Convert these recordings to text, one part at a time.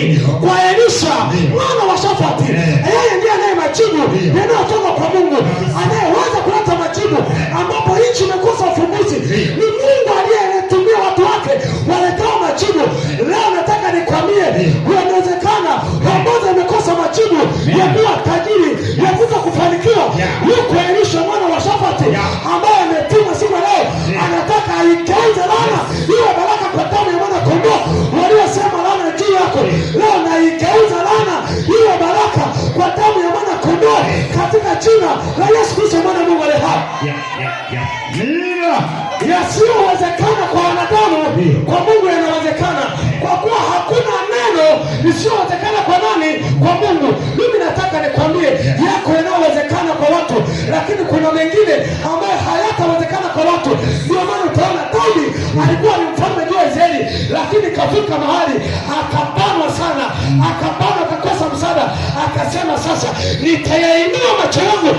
mwili kwa Elisha mwana wa Shafati. Yeye ndiye anaye majibu yanayotoka kwa Mungu, anayeweza kuleta majibu ambapo nchi imekosa ufumbuzi. Ni Mungu aliyetumia watu wake waletewa majibu. Leo nataka nikwambie, inawezekana Homboza imekosa majibu ya na Yesu Kristo mwana Mungu ali hai. Yasiyowezekana kwa wanadamu kwa Mungu yanawezekana, kwa kuwa hakuna neno lisiyowezekana kwa nani? Kwa Mungu. Mimi nataka nikwambie, yako yanayowezekana kwa watu, lakini kuna mengine ambayo hayatawezekana kwa watu. Ndio maana utaona Daudi alikuwa ni mfalme juu ya Israeli, lakini kafika mahali akabanwa sana, akabanwa, akakosa msaada, akasema sasa nitayainua macho yangu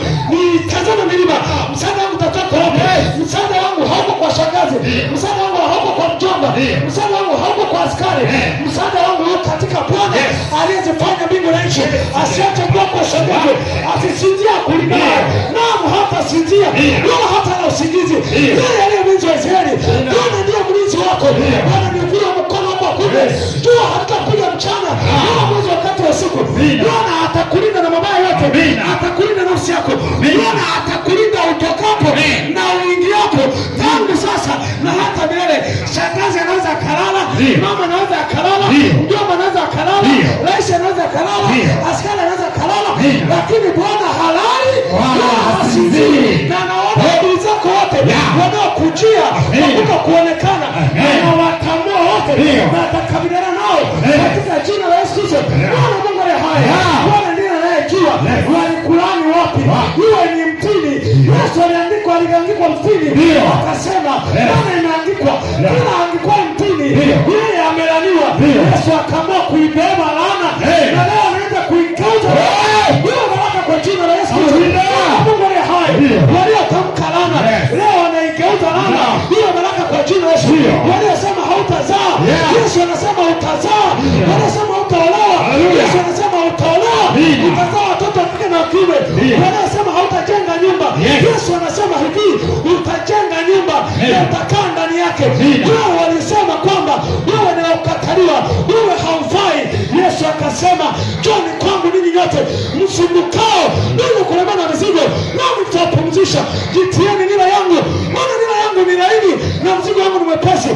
msaada wangu hauko kwa askari, msaada wangu uko katika Bwana aliyezifanya mbingu na nchi. Asiache kuwa kwa sababu asisinzia kulingana naam, hata sinzia wala hata na usingizi. Yeye aliye mlinzi wa Israeli, Bwana ndiye mlinzi wako. Bwana ni mkono wako wa kuume, jua halitakuja mchana wala ah. mwezi wakati wa siku. Bwana atakulinda na mabaya yote, atakulinda nafsi yako. Bwana atakulinda utokapo na uingiapo, tangu sasa na hata milele mama anaweza akalala, mjomba anaweza akalala, rais anaweza akalala, askari anaweza akalala, lakini Bwana halali hasinzii. Na naona adui zako wote wanaokujia wakuta kuonekana, na anawatambua wote na atakabiliana nao katika jina la Yesu Kristo. Bwana Mungu aliye hai, Bwana ndiye anayejua walikulani wapi, iwe ni mtini. Yesu aliandikwa, aliangikwa mtini, akasema Yesu anasema utazaa, anasema utaolewa. Yesu anasema utaolewa, utazaa watoto wa na kiume. anasema hautajenga nyumba. Yesu anasema hivi, utajenga nyumba na utakaa ndani yake. Wao walisema kwamba wewe ni ukataliwa, wewe haufai. Yesu akasema njoni kwangu ninyi nyote msumbukao ninyi kulemewa na mizigo, nami nitawapumzisha. Jitieni nira yangu, maana nira yangu ni laini na mzigo wangu ni mwepesi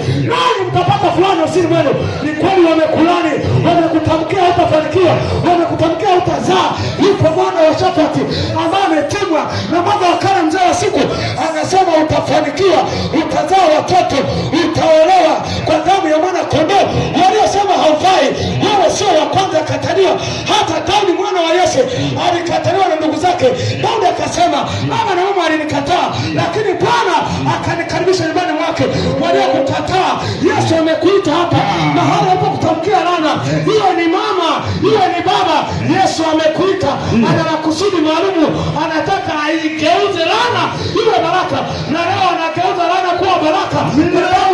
utapata fulani usini mwenu. Ni kweli wamekulani, wamekutamkia utafanikiwa, wamekutamkia utazaa. Yupo mwana wa Shafati ambaye ametimwa na mwana wa Kane, mzee wa siku, anasema utafanikiwa, utazaa watoto, utaolewa kwa damu ya mwana kondoo. Waliosema haufai, wewe sio wa kwanza akataliwa. Hata Daudi mwana wa Yese alikataliwa na ndugu zake. Daudi akasema, mama na mama alinikataa, lakini Yesu amekuita hapa mahali hapo kutamkia laana, iwe ni mama iwe ni baba. Yesu amekuita, mm. ana makusudi maalumu, anataka aigeuze laana iwe baraka, na leo anageuza laana kuwa baraka.